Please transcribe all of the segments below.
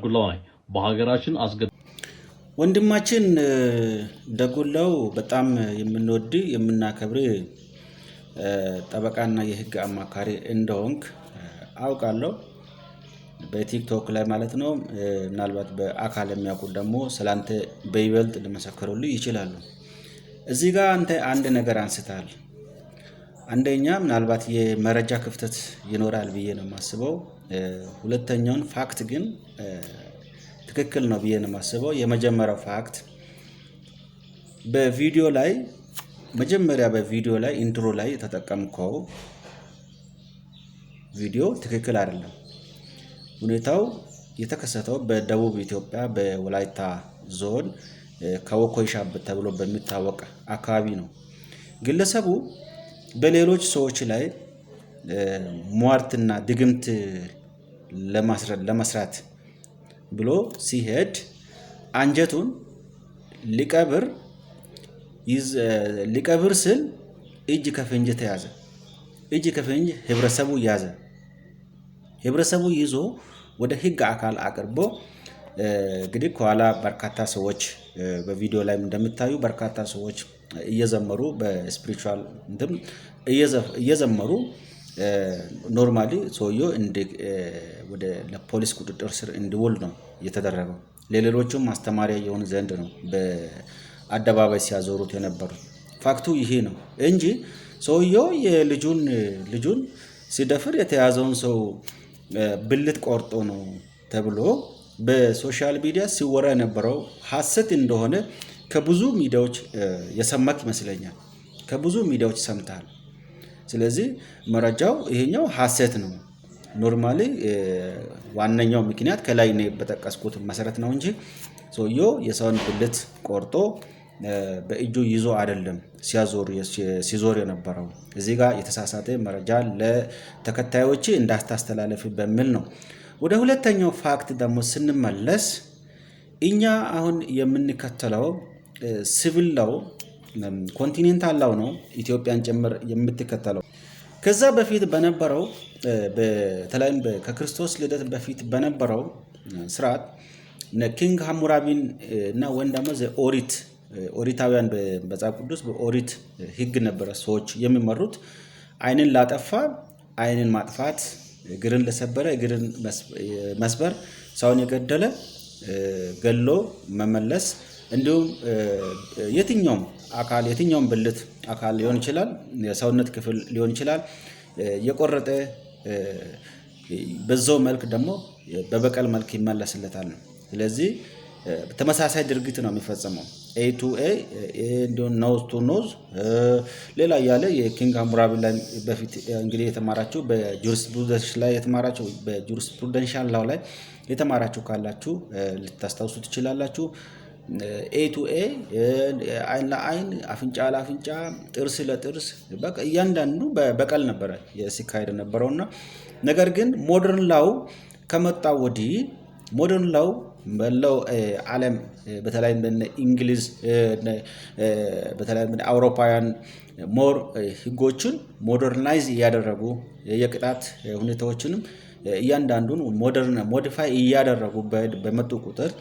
ዳጉላው ላይ በሀገራችን አስገ ወንድማችን ደጉላው በጣም የምንወድ የምናከብር ጠበቃና የህግ አማካሪ እንደሆንክ አውቃለሁ። በቲክቶክ ላይ ማለት ነው። ምናልባት በአካል የሚያውቁ ደግሞ ስላንተ በይበልጥ ሊመሰክሩልህ ይችላሉ። እዚህ ጋር አንተ አንድ ነገር አንስታል። አንደኛ ምናልባት የመረጃ ክፍተት ይኖራል ብዬ ነው የማስበው። ሁለተኛውን ፋክት ግን ትክክል ነው ብዬ ነው የማስበው። የመጀመሪያው ፋክት በቪዲዮ ላይ መጀመሪያ በቪዲዮ ላይ ኢንትሮ ላይ የተጠቀምከው ቪዲዮ ትክክል አይደለም። ሁኔታው የተከሰተው በደቡብ ኢትዮጵያ በወላይታ ዞን ከወኮይሻ ተብሎ በሚታወቅ አካባቢ ነው። ግለሰቡ በሌሎች ሰዎች ላይ ሟርትና ድግምት ለመስራት ብሎ ሲሄድ አንጀቱን ሊቀብር ሊቀብር ስል እጅ ከፍንጅ ተያዘ። እጅ ከፍንጅ ህብረተሰቡ ያዘ። ህብረተሰቡ ይዞ ወደ ህግ አካል አቅርቦ እንግዲህ ከኋላ በርካታ ሰዎች በቪዲዮ ላይም እንደምታዩ በርካታ ሰዎች እየዘመሩ በስፒሪቹዋል እንትም እየዘመሩ ኖርማሊ ሰውየው ወደ ለፖሊስ ቁጥጥር ስር እንዲውል ነው የተደረገው። ለሌሎቹም ማስተማሪያ የሆን ዘንድ ነው በአደባባይ ሲያዞሩት የነበሩት። ፋክቱ ይሄ ነው እንጂ ሰውየው የልጁን ልጁን ሲደፍር የተያዘውን ሰው ብልት ቆርጦ ነው ተብሎ በሶሻል ሚዲያ ሲወራ የነበረው ሀሰት እንደሆነ ከብዙ ሚዲያዎች የሰማክ ይመስለኛል። ከብዙ ሚዲያዎች ሰምታል። ስለዚህ መረጃው ይሄኛው ሀሰት ነው። ኖርማሊ ዋነኛው ምክንያት ከላይ በጠቀስኩት መሰረት ነው እንጂ ሰውየው የሰውን ብልት ቆርጦ በእጁ ይዞ አይደለም ሲዞር የነበረው። እዚህ ጋር የተሳሳተ መረጃ ለተከታዮች እንዳታስተላለፍ በሚል ነው ወደ ሁለተኛው ፋክት ደግሞ ስንመለስ እኛ አሁን የምንከተለው ሲቪል ላው ኮንቲኔንታል ላው ነው፣ ኢትዮጵያን ጭምር የምትከተለው። ከዛ በፊት በነበረው በተለይም ከክርስቶስ ልደት በፊት በነበረው ስርዓት ኪንግ ሀሙራቢን እና ወይም ደግሞ ኦሪት ኦሪታውያን በመጽሐፍ ቅዱስ በኦሪት ህግ ነበረ ሰዎች የሚመሩት። አይንን ላጠፋ አይንን ማጥፋት እግርን ለሰበረ እግርን መስበር፣ ሰውን የገደለ ገሎ መመለስ፣ እንዲሁም የትኛውም አካል የትኛውም ብልት አካል ሊሆን ይችላል፣ የሰውነት ክፍል ሊሆን ይችላል። የቆረጠ በዛው መልክ ደግሞ በበቀል መልክ ይመለስለታል። ስለዚህ ተመሳሳይ ድርጊት ነው የሚፈጸመው። ኤ ቱ ኤ እንዲሁም ኖዝ ቱ ኖዝ፣ ሌላ እያለ የኪንግ አሙራቢ ላይ በፊት እንግዲህ የተማራችሁ በጁሪስፕሩደንስ ላይ የተማራችሁ በጁሪስፕሩደንሻል ላይ የተማራችሁ ካላችሁ ልታስታውሱ ትችላላችሁ። ኤ ቱ ኤ አይን ለአይን፣ አፍንጫ ለአፍንጫ፣ ጥርስ ለጥርስ በቃ እያንዳንዱ በቀል ነበረ ሲካሄድ ነበረውና ነገር ግን ሞደርን ላው ከመጣ ወዲህ ሞደርን ላው በለው ዓለም በተለይ እንግሊዝ በተለይም አውሮፓውያን ሞር ህጎችን ሞደርናይዝ እያደረጉ የቅጣት ሁኔታዎችንም እያንዳንዱን ሞደርን ሞዲፋይ እያደረጉ በመጡ ቁጥር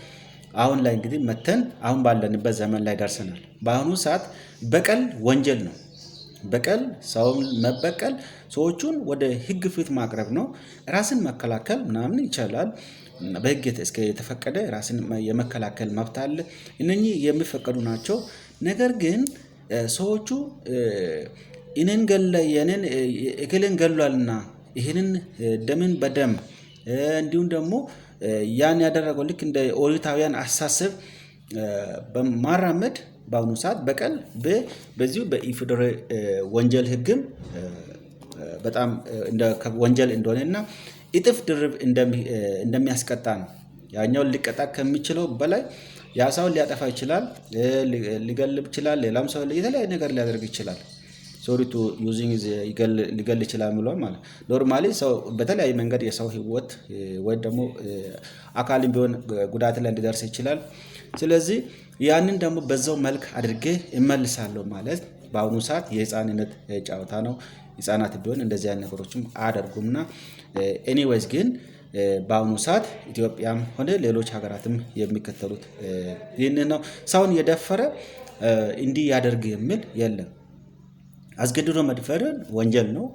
አሁን ላይ እንግዲህ መተን አሁን ባለንበት ዘመን ላይ ደርሰናል። በአሁኑ ሰዓት በቀል ወንጀል ነው። በቀል ሰውም መበቀል ሰዎቹን ወደ ህግ ፊት ማቅረብ ነው። ራስን መከላከል ምናምን ይቻላል። እስከ የተፈቀደ ራስን የመከላከል መብት አለ። እነኚህ የሚፈቀዱ ናቸው። ነገር ግን ሰዎቹ እኔን ገለ እክልን ገሏልና ይህንን ደምን በደም እንዲሁም ደግሞ ያን ያደረገው ልክ እንደ ኦሪታውያን አሳስብ በማራመድ በአሁኑ ሰዓት በቀል በዚሁ በኢፌዴሪ ወንጀል ህግም በጣም ወንጀል እንደሆነ እና እጥፍ ድርብ እንደሚያስቀጣ ነው። ያኛው ሊቀጣ ከሚችለው በላይ ያ ሰውን ሊያጠፋ ይችላል፣ ሊገልብ ይችላል፣ ሌላም ሰው የተለያዩ ነገር ሊያደርግ ይችላል። ሶሪቱ ዩዚንግ ሊገል ይችላል ብሏል ማለት ኖርማሊ ሰው በተለያየ መንገድ የሰው ህይወት ወይም ደግሞ አካልም ቢሆን ጉዳት ላይ እንዲደርስ ይችላል። ስለዚህ ያንን ደግሞ በዛው መልክ አድርጌ እመልሳለሁ ማለት በአሁኑ ሰዓት የህፃንነት ጨዋታ ነው። ህፃናት ቢሆን እንደዚህ አይነት ነገሮችም አያደርጉምና ኤኒዌይስ ግን በአሁኑ ሰዓት ኢትዮጵያም ሆነ ሌሎች ሀገራትም የሚከተሉት ይህንን ነው። ሰውን የደፈረ እንዲህ ያደርግ የሚል የለም። አስገድዶ መድፈርን ወንጀል ነው።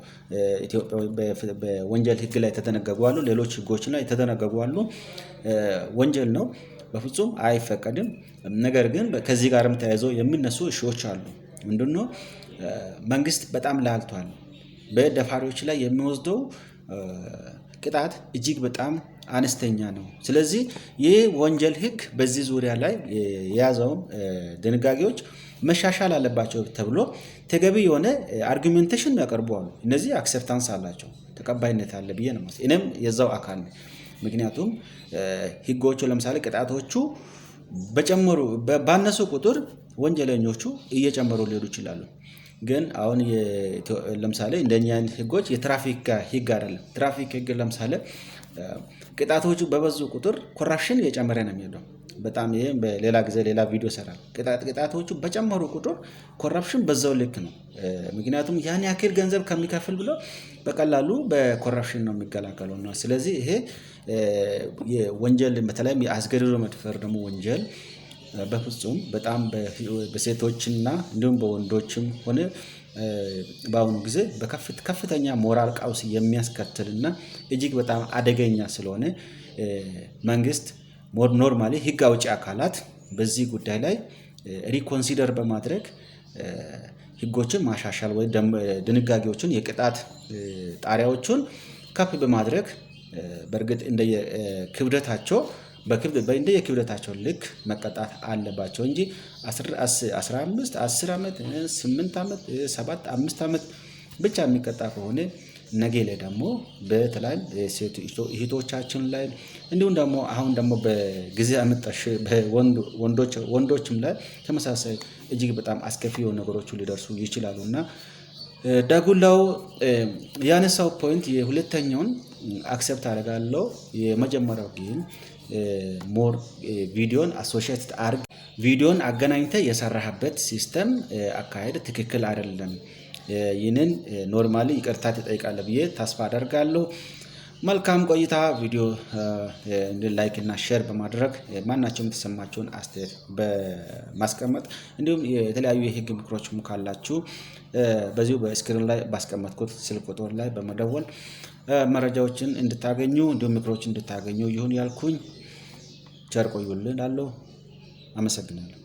በወንጀል ህግ ላይ የተደነገጉ አሉ፣ ሌሎች ህጎች ላይ የተደነገጉ አሉ። ወንጀል ነው። በፍጹም አይፈቀድም። ነገር ግን ከዚህ ጋርም ተያይዘው የሚነሱ እሺዎች አሉ። ምንድነው መንግስት በጣም ላልቷል። በደፋሪዎች ላይ የሚወስደው ቅጣት እጅግ በጣም አነስተኛ ነው። ስለዚህ ይህ ወንጀል ህግ በዚህ ዙሪያ ላይ የያዘውን ድንጋጌዎች መሻሻል አለባቸው ተብሎ ተገቢ የሆነ አርጊሜንቴሽን ያቀርበዋሉ። እነዚህ አክሰፕታንስ አላቸው፣ ተቀባይነት አለ ብዬ ነው። እኔም የዛው አካል ነው። ምክንያቱም ህጎቹ ለምሳሌ ቅጣቶቹ በጨመሩ ባነሱ ቁጥር ወንጀለኞቹ እየጨመሩ ሊሄዱ ይችላሉ። ግን አሁን ለምሳሌ እንደኛ ህጎች የትራፊክ ህግ አይደለም። ትራፊክ ህግ ለምሳሌ ቅጣቶቹ በበዙ ቁጥር ኮራፕሽን እየጨመረ ነው የሚሄደው። በጣም ይህም በሌላ ጊዜ ሌላ ቪዲዮ ይሰራል። ቅጣቶቹ በጨመሩ ቁጥር ኮራፕሽን በዛው ልክ ነው። ምክንያቱም ያን ያክል ገንዘብ ከሚከፍል ብሎ በቀላሉ በኮራፕሽን ነው የሚገላገለው ነው። ስለዚህ ይሄ ወንጀል በተለይም የአስገድዶ መድፈር ደግሞ ወንጀል በፍጹም በጣም በሴቶችና እንዲሁም በወንዶችም ሆነ በአሁኑ ጊዜ ከፍተኛ ሞራል ቀውስ የሚያስከትልና እጅግ በጣም አደገኛ ስለሆነ መንግስት ኖርማሊ ህግ አውጪ አካላት በዚህ ጉዳይ ላይ ሪኮንሲደር በማድረግ ህጎችን ማሻሻል ወይ ድንጋጌዎችን የቅጣት ጣሪያዎቹን ከፍ በማድረግ በእርግጥ እንደ ክብደታቸው እንደ የክብደታቸው ልክ መቀጣት አለባቸው እንጂ 15 10 ዓመት 8 ዓመት 7 5 ዓመት ብቻ የሚቀጣ ከሆነ ነገ ላይ ደግሞ በተለይ ሴት እህቶቻችን ላይ እንዲሁም ደግሞ አሁን ደግሞ በጊዜ አመጣሽ ወንዶችም ላይ ተመሳሳይ እጅግ በጣም አስከፊ የሆኑ ነገሮቹ ሊደርሱ ይችላሉ እና ዳጉላው ያነሳው ፖይንት የሁለተኛውን አክሰፕት አደርጋለሁ። የመጀመሪያው ግን ሞር ቪዲዮን አሶሺየት አርግ ቪዲዮን አገናኝተ የሰራህበት ሲስተም አካሄድ ትክክል አይደለም። ይህንን ኖርማሊ ይቅርታ ትጠይቃለ ብዬ ተስፋ አደርጋለሁ። መልካም ቆይታ። ቪዲዮ ላይክ እና ሼር በማድረግ ማናቸውም የተሰማቸውን አስተያየት በማስቀመጥ እንዲሁም የተለያዩ የህግ ምክሮችም ካላችሁ በዚሁ በስክሪን ላይ ባስቀመጥኩት ስልክ ቁጥር ላይ በመደወል መረጃዎችን እንድታገኙ እንዲሁም ምክሮችን እንድታገኙ ይሁን ያልኩኝ ቸር ቆዩልን እላለሁ። አመሰግናለሁ።